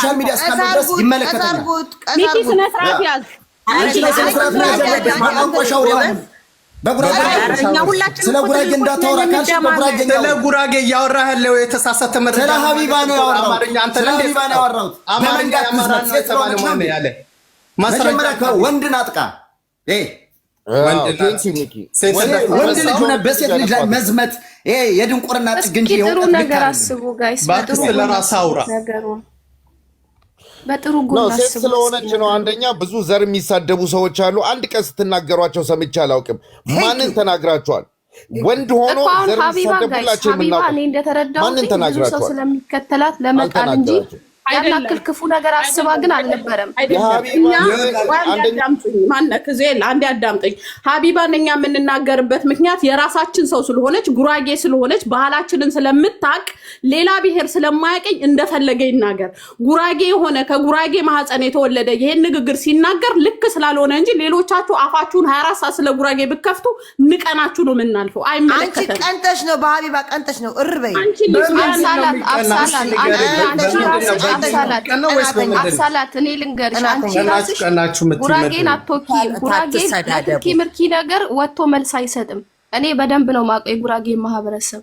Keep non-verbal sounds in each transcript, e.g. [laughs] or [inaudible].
ሶሻል ሚዲያ እስካለው ድረስ ይመለከተኛል። ስነ ስርዓት ያዝ። አንቺ ስርዓት ስለ ጉራጌ እንዳታወራ ካልሽ ስለ ጉራጌ እያወራህ ያለው የተሳሳተ መረጃ ስለ ሀቢባ ነው መጀመሪያ አጥቃ ወንድ ልጅ ሆነ በሴት ልጅ ላይ መዝመት የድንቁርና ጥግ እንጂ የሆነ ነገር አስቡ ጋይስ። አውራ በጥሩ ሴት ስለሆነች ነው። አንደኛ ብዙ ዘር የሚሳደቡ ሰዎች አሉ። አንድ ቀን ስትናገሯቸው ሰምቼ አላውቅም። ማንን ተናግራቸዋል? ወንድ ሆኖ ዘር የሚሳደቡላቸው የምናውቅ ማንን ተናግራቸዋል? ስለሚከተላት ለመጣል እንጂ ያናክል ክፉ ነገር አስባ ግን አልነበረም። ማነክ ዜል አንዴ አዳምጠኝ። ሀቢባን እኛ የምንናገርበት ምክንያት የራሳችን ሰው ስለሆነች ጉራጌ ስለሆነች ባህላችንን ስለምታቅ ሌላ ብሔር ስለማያቀኝ እንደፈለገ ይናገር። ጉራጌ የሆነ ከጉራጌ ማህፀን የተወለደ ይሄን ንግግር ሲናገር ልክ ስላልሆነ እንጂ ሌሎቻችሁ አፋችሁን ሀያ አራት ሰዓት ስለ ጉራጌ ብከፍቱ ንቀናችሁ ነው የምናልፈው። አይመለከተንም። ቀንተሽ ነው በሀቢባ ቀንተሽ ነው። እርበይ አንቺ አብሳላት እኔ ልንገርሽ፣ አንቺ ጉራጌን አቶኪ ጉራጌን ምርኪ ነገር ወጥቶ መልስ አይሰጥም። እኔ በደንብ ነው የማውቀው የጉራጌን ማህበረሰብ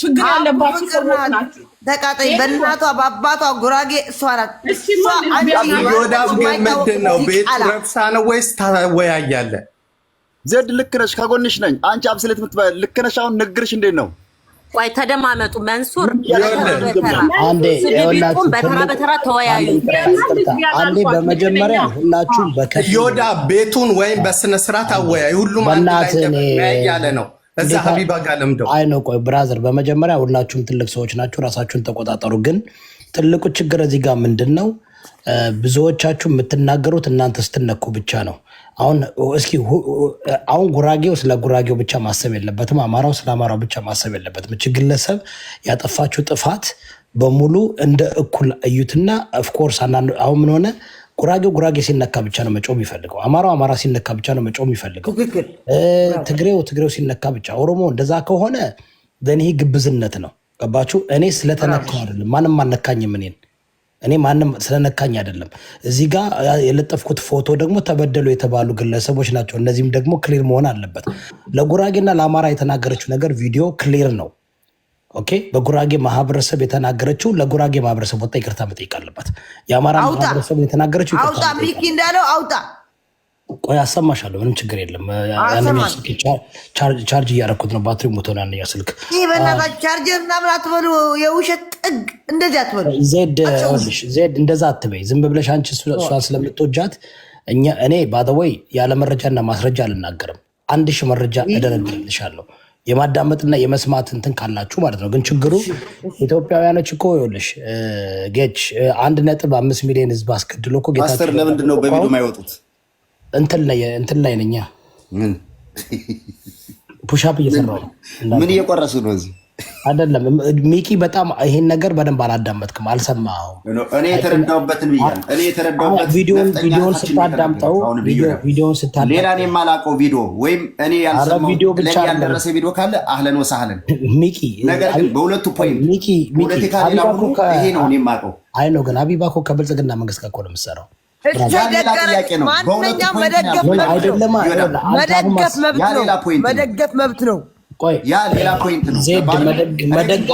ችግር ያለባችሁ ሰዎች ናችሁ። ተቃጣይ በእናቷ በአባቷ ጉራጌ እሷ ናት። ምንድን ነው ቤት ረብሻ ነው ወይስ ታወያያለህ? ዘድ ልክ ነሽ፣ ከጎንሽ ነኝ። አንቺ አብስሌት የምትባይ ልክ ነሽ። አሁን ንግርሽ እንዴት ነው? ቆይ ተደማመጡ። መንሱር በተራ በተራ ተወያዩ። አንዴ በመጀመሪያ ሁላችሁም በከ ቤቱን ወይም በስነስርዓት አወያይ። ሁሉም አንድ ላይ ያለ ነው እዛ ሀቢባ ጋር ለምደው። አይ ነው ቆይ ብራዘር፣ በመጀመሪያ ሁላችሁም ትልቅ ሰዎች ናችሁ፣ ራሳችሁን ተቆጣጠሩ። ግን ትልቁ ችግር እዚህ ጋር ምንድን ነው? ብዙዎቻችሁ የምትናገሩት እናንተ ስትነኩ ብቻ ነው። አሁን እስኪ አሁን ጉራጌው ስለ ጉራጌው ብቻ ማሰብ የለበትም፣ አማራው ስለ አማራው ብቻ ማሰብ የለበትም። እች ግለሰብ ያጠፋችሁ ጥፋት በሙሉ እንደ እኩል እዩትና ኦፍኮርስ አሁን ምን ሆነ ጉራጌው ጉራጌ ሲነካ ብቻ ነው መጮህ የሚፈልገው። አማራው አማራ ሲነካ ብቻ ነው መጮህ የሚፈልገው። ትግሬው ትግሬው ሲነካ ብቻ። ኦሮሞ እንደዛ ከሆነ ለእኔ ግብዝነት ነው። ገባችሁ? እኔ ስለተነካው አይደለም። ማንም አልነካኝም እኔን እኔ ማንም ስለነካኝ አይደለም። እዚህ ጋር የለጠፍኩት ፎቶ ደግሞ ተበደሉ የተባሉ ግለሰቦች ናቸው። እነዚህም ደግሞ ክሊር መሆን አለበት። ለጉራጌና ለአማራ የተናገረችው ነገር ቪዲዮ ክሊር ነው። ኦኬ በጉራጌ ማህበረሰብ የተናገረችው ለጉራጌ ማህበረሰብ ወጣ ይቅርታ መጠየቅ አለባት። የአማራ ማህበረሰብ የተናገረችው አውጣ ሚኪ እንዳለው አውጣ። ቆይ አሰማሻለሁ፣ ምንም ችግር የለም። ቻርጅ እያደረኩት ነው፣ ባትሪ ሞቶ ያንኛ ስልክ ቻርጀር ምናምን አትበሉ፣ የውሸት ጥግ እንደዚህ አትበሉ። ዜድ እንደዛ አትበይ፣ ዝም ብለሽ አንቺ እሷን ስለምትወጃት እኔ ባደወይ ያለ መረጃና ማስረጃ አልናገርም። አንድ ሺህ መረጃ እደረድርልሻለሁ የማዳመጥና የመስማት እንትን ካላችሁ ማለት ነው። ግን ችግሩ ኢትዮጵያውያኖች እኮ ይኸውልሽ ጌች አንድ ነጥብ አምስት ሚሊዮን ህዝብ አስገድሎ እኮ ጌታቸው ለምንድን ነው በሚሉ የማይወጡት? እንትን ላይ ነኝ ፑሻፕ እየሰራሁ ነው። ምን እየቆረሱ ነው እዚህ አይደለም ሚኪ፣ በጣም ይሄን ነገር በደንብ አላዳመጥክም፣ አልሰማኸውም። እኔ የተረዳሁበትን ብያለሁ። እኔ የተረዳሁበት ቪዲዮን ስታዳምጠው ቪዲዮን ሌላ እኔ የማላውቀው ቪዲዮ ወይም እኔ ያልሰማሁት ብቻ ያልደረሰ ቪዲዮ ካለ አህለን ወሳህለን [laughs] ሚኪ። ነገር ግን በሁለቱ ፖይንት ይሄ ነው እኔ የማውቀው። አይ ነው ግን አቢባ እኮ ከብልጽግና መንግስት ጋር እኮ ነው የምትሰራው። ማንኛውም መደገፍ መብት ነው። መደገፍ መብት ነው። ያ ሌላ ፖይንት ነው።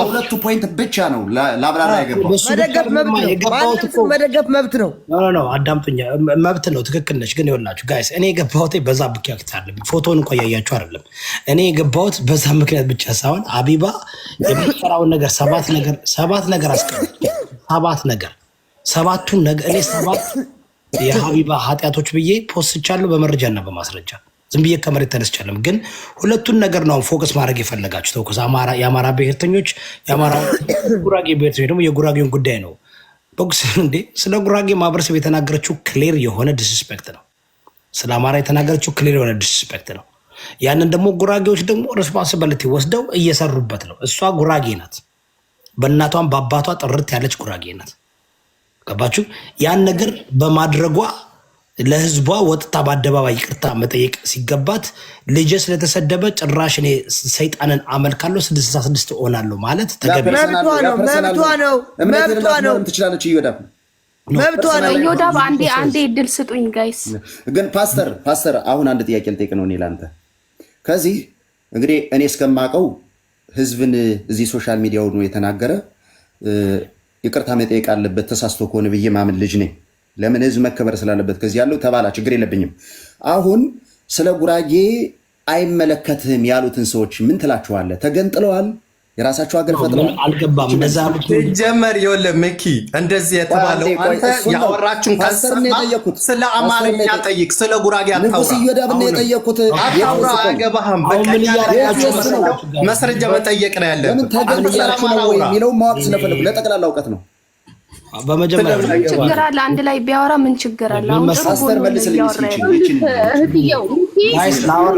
ሁለቱ ፖይንት ብቻ ነው ለአብራራ መደገፍ መብት ነው። መብት ነው። ትክክል ነች። ግን ይኸውላችሁ ጋይስ፣ እኔ የገባሁት በዛ ምክንያት ፎቶን እንኳ እያያችሁ አይደለም። እኔ የገባሁት በዛ ምክንያት ብቻ ሳይሆን አቢባ የምትሰራውን ነገር ሰባት ነገር ሰባት ነገር ሰባት ነገር ሰባቱን ነገር እኔ ሰባት የሀቢባ ኃጢአቶች ብዬ ፖስቻለሁ በመረጃና በማስረጃ ዝም ብዬ ከመሬት ተነስቻለም። ግን ሁለቱን ነገር ነው ፎከስ ማድረግ የፈለጋችሁ ተው። የአማራ ብሔርተኞች የአማራ ጉራጌ ብሔርተኞች ደግሞ የጉራጌውን ጉዳይ ነው ቦክስ። እንዴ ስለ ጉራጌ ማህበረሰብ የተናገረችው ክሌር የሆነ ዲስስፔክት ነው። ስለ አማራ የተናገረችው ክሌር የሆነ ዲስስፔክት ነው። ያንን ደግሞ ጉራጌዎች ደግሞ ሬስፖንሲቢሊቲ ወስደው እየሰሩበት ነው። እሷ ጉራጌ ናት። በእናቷም በአባቷ ጥርት ያለች ጉራጌ ናት። ገባችሁ? ያን ነገር በማድረጓ ለህዝቧ ወጥታ በአደባባይ ይቅርታ መጠየቅ ሲገባት ልጄ ስለተሰደበ ጭራሽ እኔ ሰይጣንን አመልካለሁ ስድስት ስድስት እሆናለሁ ማለት ተገቢ መብቷ ነው። መብቷ ነው። ትችላለች። እዮዳብ መብቷ ነው። እዮዳብ አንዴ አንዴ እድል ስጡኝ ጋይስ። ግን ፓስተር ፓስተር አሁን አንድ ጥያቄ ልጠይቅ ነው እኔ ለአንተ ከዚህ እንግዲህ እኔ እስከማውቀው ህዝብን እዚህ ሶሻል ሚዲያ ነው የተናገረ ይቅርታ መጠየቅ አለበት ተሳስቶ ከሆነ ብዬ ማምን ልጅ ነኝ ለምን ህዝብ መከበር ስላለበት ከዚህ ያለው ተባላ ችግር የለብኝም። አሁን ስለ ጉራጌ አይመለከትህም ያሉትን ሰዎች ምን ትላችኋለህ? ተገንጥለዋል፣ የራሳቸው ሀገር ፈጥረዋል። አልገባም ጀመር የለ ምኪ እንደዚህ የተባለው አንተ ያወራችን ከሰማ ስለ አማርኛ ጠይቅ፣ ስለ ጉራጌ ንጉስ እየዳብና የጠየቁት አታውራ፣ አያገባህም። መስረጃ መጠየቅ ነው ያለ። ለምን ተገንጥላችሁ ነው የሚለው ማወቅ ስለፈለጉ ለጠቅላላ እውቀት ነው። ችግር አለ? አንድ ላይ ቢያወራ ምን ችግር አለ? አሁን ጥሩ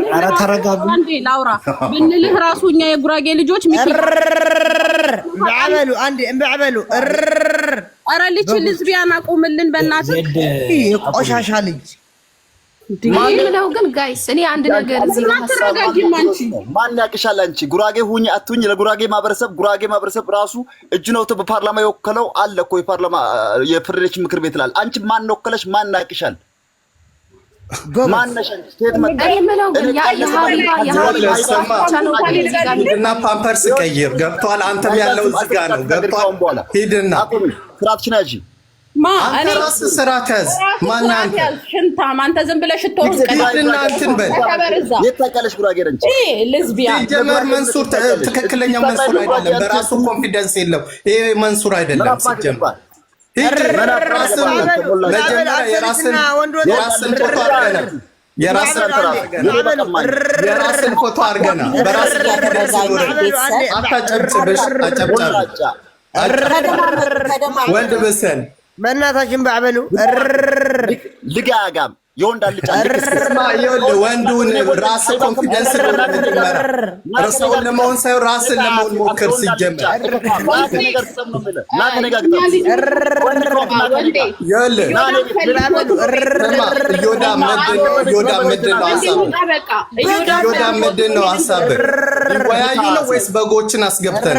ጎን ላውራ ብንልህ ራሱ እኛ የጉራጌ ልጆች በሉ አንዴ በሉ። ኧረ ልጅ ልዝቢያን አቁምልን በእናትህ ቆሻሻ ልጅ ምለው ግን ጋይስ እኔ አንድ ነገር ማን ያቅሻል? አንቺ ጉራጌ ሁኝ አትሁኝ ለጉራጌ ማህበረሰብ ጉራጌ ማህበረሰብ ራሱ በፓርላማ የወከለው አለ እኮ የፓርላማ የፌዴሬሽን ምክር ቤት ላል አንቺ ማን ወከለሽ? ማን ያቅሻል? እና ፓምፐርስ ቀይር ገብቷል። አንተም ያለው እዚህ ነው ገብቷል። ሂድና ስራትሽን ስራ ተዝ ሽንታም አንተ ዝም ብለህ ሽቶ ጀመር መንሱር ትክክለኛው መንሱር አይደለም። በራሱ ኮንፊደንስ የለው ይሄ መንሱር አይደለም ሲጀመር የራስን ፎቶ አርገና በራስ አታጨብጭብሽ። አጨብጫቢ ወንድ ብሰል መናታችን ባዕበሉ ልጋጋም የወንድ አልጫ ወንዱን ራስ ኮንፊደንስ ሰውን ለመሆን ሳይሆን ራስን ለመሆን ሞክር። ሲጀመር ምንድን ነው ሀሳብህ? ነው ወይስ በጎችን አስገብተን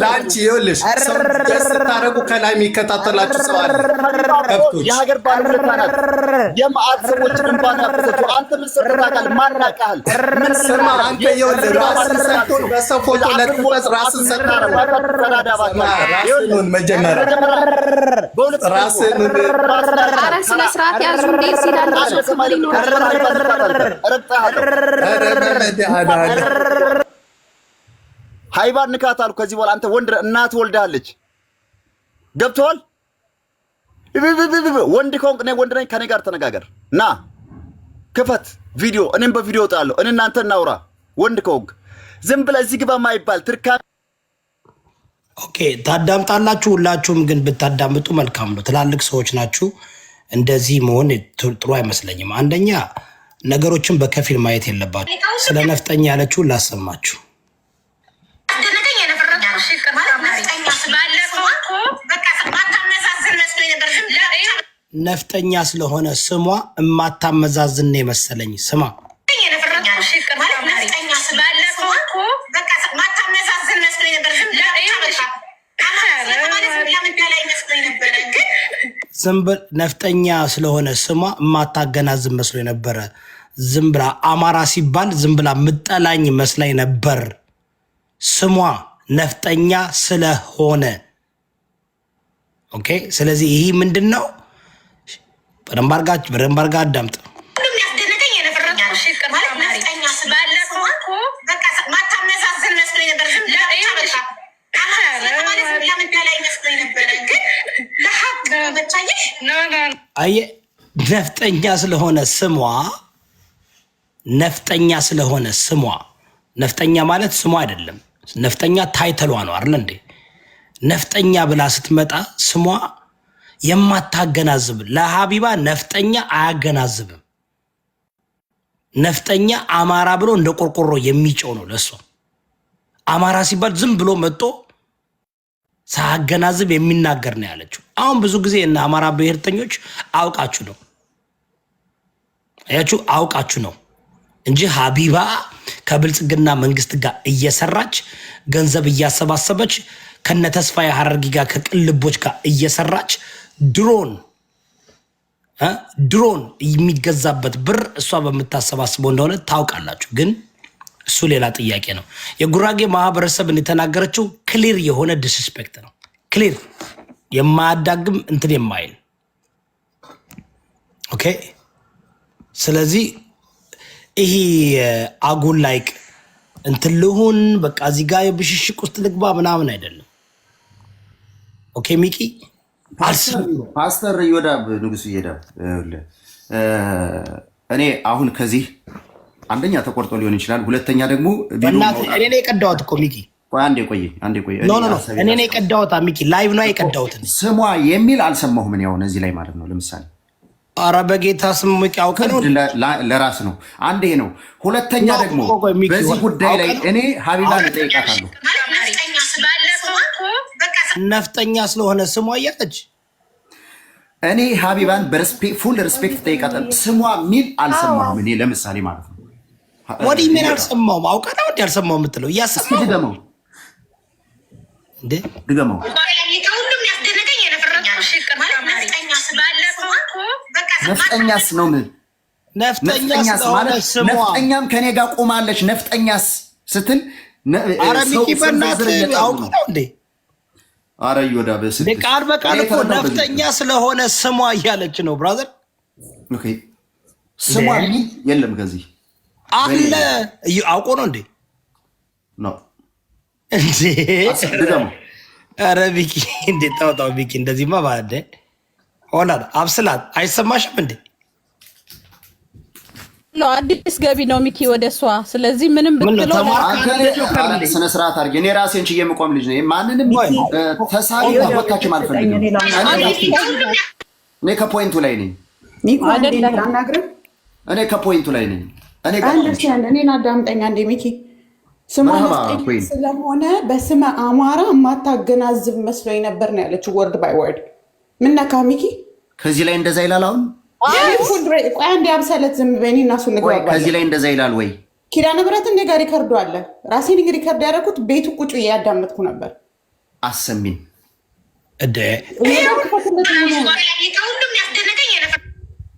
ለአንቺ ይኸውልሽ ስታደርጉ ከላይ የሚከታተላችሁ ሰው አለ። ከብቶች የሀገር ባለውለታ ናት። ሰዎች ግንባታ ተሰጡ። አንተ ምን ማናቃል? ምን አንተ ይኸውልህ፣ ራስን ሰጥቶ በሰው ፎቶ ለጥፎት ራስን ሰጥቶ መጀመሪያ ራስን ስነ ስርዓት ያዙ እንዴ ሲዳላቸው ክብር ይኖራል። ሃይባን ንካት አሉ። ከዚህ በኋላ አንተ ወንድ እናት ወልዳለች። ገብተዋል። ወንድ ከሆንክ እኔ ወንድ ነኝ፣ ከኔ ጋር ተነጋገር። ና ክፈት ቪዲዮ፣ እኔም በቪዲዮ እወጣለሁ። እኔ እናንተ እናውራ። ወንድ ከሆንክ ዝም ብለህ እዚህ ግባ ማይባል ትርካ ኦኬ ታዳምጣላችሁ። ሁላችሁም ግን ብታዳምጡ መልካም ነው። ትላልቅ ሰዎች ናችሁ። እንደዚህ መሆን ጥሩ አይመስለኝም። አንደኛ ነገሮችን በከፊል ማየት የለባችሁ። ስለ ነፍጠኛ ያለችውን ላሰማችሁ ነፍጠኛ ስለሆነ ስሟ እማታመዛዝን የመሰለኝ ስማ ዝም ብላ ነፍጠኛ ስለሆነ ስሟ እማታገናዝብ መስሎ ነበረ። ዝም ብላ አማራ ሲባል ዝም ብላ ምጠላኝ መስላኝ ነበር። ስሟ ነፍጠኛ ስለሆነ ኦኬ። ስለዚህ ይህ ምንድን ነው? በደንብ አድርጋ አዳምጥ። ነፍጠኛ ስለሆነ ስሟ ነፍጠኛ ስለሆነ ስሟ ነፍጠኛ ማለት ስሟ አይደለም። ነፍጠኛ ታይተሏ ነው አይደል እንዴ? ነፍጠኛ ብላ ስትመጣ ስሟ የማታገናዝብ ለሀቢባ ነፍጠኛ አያገናዝብም። ነፍጠኛ አማራ ብሎ እንደ ቆርቆሮ የሚጨው ነው። ለእሷ አማራ ሲባል ዝም ብሎ መጥቶ ሳያገናዝብ የሚናገር ነው ያለችው። አሁን ብዙ ጊዜ እና አማራ ብሔርተኞች አውቃችሁ ነው ያችሁ አውቃችሁ ነው እንጂ ሀቢባ ከብልጽግና መንግስት ጋር እየሰራች ገንዘብ እያሰባሰበች ከነተስፋ ሐረርጊ ጋር ከቅልቦች ጋር እየሰራች ድሮን ድሮን የሚገዛበት ብር እሷ በምታሰባስበው እንደሆነ ታውቃላችሁ። ግን እሱ ሌላ ጥያቄ ነው። የጉራጌ ማህበረሰብ የተናገረችው ክሊር የሆነ ዲስስፔክት ነው። ክሊር የማያዳግም እንትን የማይል ኦኬ። ስለዚህ ይሄ አጉል ላይቅ እንትን ልሁን በቃ እዚህ የብሽሽቅ ውስጥ ልግባ ምናምን አይደለም። ኦኬ ሚቂ ፓስተር እዮዳብ ንጉስ እዮዳብ እኔ አሁን ከዚህ አንደኛ ተቆርጦ ሊሆን ይችላል። ሁለተኛ ደግሞ እኔ ነው የቀዳሁት እኮ ሚኪ፣ አንዴ ቆይ፣ አንዴ ቆይ፣ እኔ ነው የቀዳሁት ሚኪ፣ ላይቭ ነው የቀዳሁት። ስሟ የሚል አልሰማሁም እኔ አሁን እዚህ ላይ ማለት ነው። ለምሳሌ ኧረ በጌታ ስም ሚኪ፣ አውቀ ለራስ ነው። አንዴ ነው። ሁለተኛ ደግሞ በዚህ ጉዳይ ላይ እኔ ሀቢባን እጠይቃታለሁ ነፍጠኛ ስለሆነ ስሟ እያለች እኔ ሀቢባን ፉል ሪስፔክት ጠይቃጠል። ስሟ ሚል አልሰማሁም እኔ ለምሳሌ ማለት ነው። ወዲ ሚል አልሰማሁም። አውቃታ ወዲህ አልሰማሁም የምትለው እያሰማሁ ድገመው፣ ድገመው ነፍጠኛስ ነው ምን ነፍጠኛስ ማለት ነፍጠኛም ከኔ ጋር ቆማለች። ነፍጠኛስ ስትል አረ ሚኪ በእናትህ አውቃታ እንዴ አረ ይወዳ በስል ቃል በቃል እኮ ነፍጠኛ ስለሆነ ስሟ እያለች ነው ብራዘር። ኦኬ ስሟ የለም ከዚህ አለ አውቆ ነው እንዴ? ነው እንዴ? አረ ቢኪ እንዴ! ታውታው ቢኪ እንደዚህማ ማለት ሆናል። አብስላት አይሰማሽም እንዴ? ነው አዲስ ገቢ ነው ሚኪ ወደ እሷ። ስለዚህ ምንም ብትለው ስነ አድርጌ እኔ ራሴን ችዬ የምቆም ልጅ ነው። ማንንም ተሳቢ ወታችም አልፈልግም። እኔ ከፖይንቱ ላይ ነኝ። እኔ ከፖይንቱ ላይ ነኝ። እኔን አዳምጠኛ እንደ ሚኪ ስማ ስለሆነ በስመ አማራ የማታገናዝብ መስሎኝ ነበር ነው ያለችው። ወርድ ባይ ወርድ ምነካ ሚኪ ከዚህ ላይ እንደዛ ይላል አሁን አንድ ያብሰለት ዝም በኔ እናሱ እንግባባለን። ከዚህ ላይ እንደዛ ይላል ወይ ኪዳነ ምሕረት እንደ ጋር ሪከርዶ አለ። ራሴን እንግዲህ ሪከርድ ያደረኩት ቤቱ ቁጭ እያዳመጥኩ ነበር። አሰሚን እደ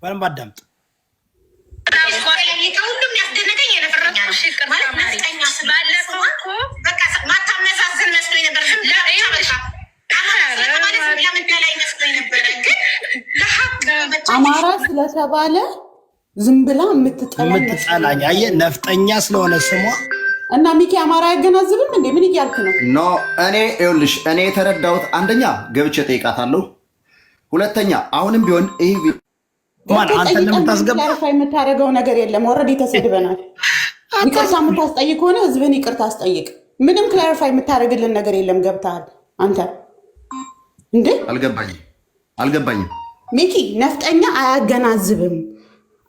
በደንብ አዳምጥ ማታመሳዝን መስሎኝ ነበር አማራ ስለተባለ ዝም ብላ የምትጠላኝ አየ ነፍጠኛ ስለሆነ ስሟ እና ሚኪ አማራ ያገናዝብም እንዴ? ምን እያልክ ነው? ኖ እኔ ይኸውልሽ፣ እኔ የተረዳሁት አንደኛ ገብቼ ጠይቃታለሁ፣ ሁለተኛ አሁንም ቢሆን ይህ የምታደርገው ነገር የለም። ወረድ ተሰድበናል። ይቅርታ የምታስጠይቅ ከሆነ ህዝብን ይቅርታ አስጠይቅ። ምንም ክላሪፋይ የምታደርግልን ነገር የለም። ገብተሃል አንተ እንዴ? አልገባኝም አልገባኝም ሚኪ ነፍጠኛ አያገናዝብም።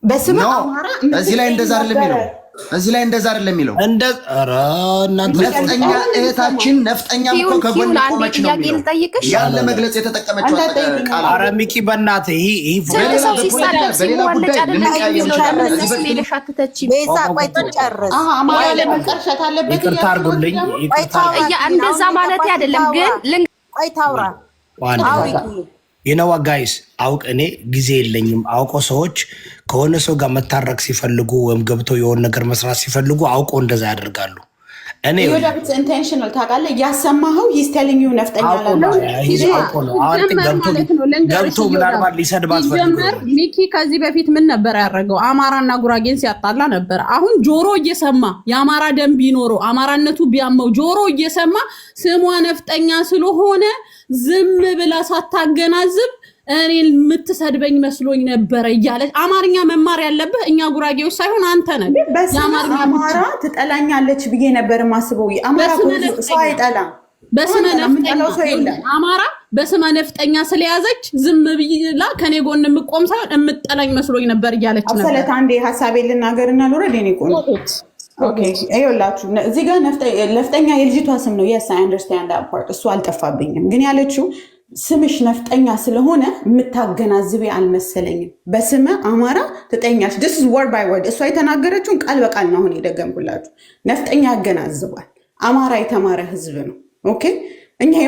በስመ አማራ እዚህ ላይ እንደዛ አይደለም የሚለው እዚህ ላይ እንደዛ አይደለም የሚለው ነፍጠኛ እህታችን ነፍጠኛ እኮ ከጎን ቆመች ነው የሚለው ያን ለመግለጽ የተጠቀመችው ቃል። ኧረ ሚኪ በእናትህ ይቅርታ አድርጉልኝ። እንደዛ ማለት አይደለም ግን ልንገርህ ቆይ ታውራ የነዋ ጋይስ አውቅ እኔ ጊዜ የለኝም። አውቆ ሰዎች ከሆነ ሰው ጋር መታረቅ ሲፈልጉ ወይም ገብተው የሆን ነገር መስራት ሲፈልጉ አውቆ እንደዛ ያደርጋሉ። እኔ ዮዳዊት ኢንቴንሽናል ታውቃለህ፣ ሚኪ ከዚህ በፊት ምን ነበር ያደረገው? አማራና ጉራጌን ሲያጣላ ነበር። አሁን ጆሮ እየሰማ የአማራ ደም ቢኖረው አማራነቱ ቢያመው ጆሮ እየሰማ ስሟ ነፍጠኛ ስለሆነ ዝም ብላ ሳታገናዝብ እኔ የምትሰድበኝ መስሎኝ ነበረ እያለች አማርኛ መማር ያለብህ እኛ ጉራጌዎች ሳይሆን አንተ ነህ። አማራ ትጠላኛለች ብዬ ነበር ማስበው። አማራ በስመ ነፍጠኛ አማራ በስመ ነፍጠኛ ስለያዘች ዝም ብላ ከኔ ጎን የምቆም ሳይሆን የምጠላኝ መስሎኝ ነበር እያለች ነበር። አብሰለት አንዴ ልናገር ልናገርና ልውረድ። ኔ ቆ ይኸውላችሁ እዚህ ጋር ነፍጠኛ የልጅቷ ስም ነው። የስ አንደርስታንድ ፓርት እሱ አልጠፋብኝም፣ ግን ያለችው ስምሽ ነፍጠኛ ስለሆነ የምታገናዝቤ አልመሰለኝም። በስመ አማራ ትጠኛች ስ ወርድ ባይ ወርድ እሷ የተናገረችውን ቃል በቃል ነው አሁን የደገምኩላችሁ። ነፍጠኛ ያገናዝባል። አማራ የተማረ ህዝብ ነው። ኦኬ እኛ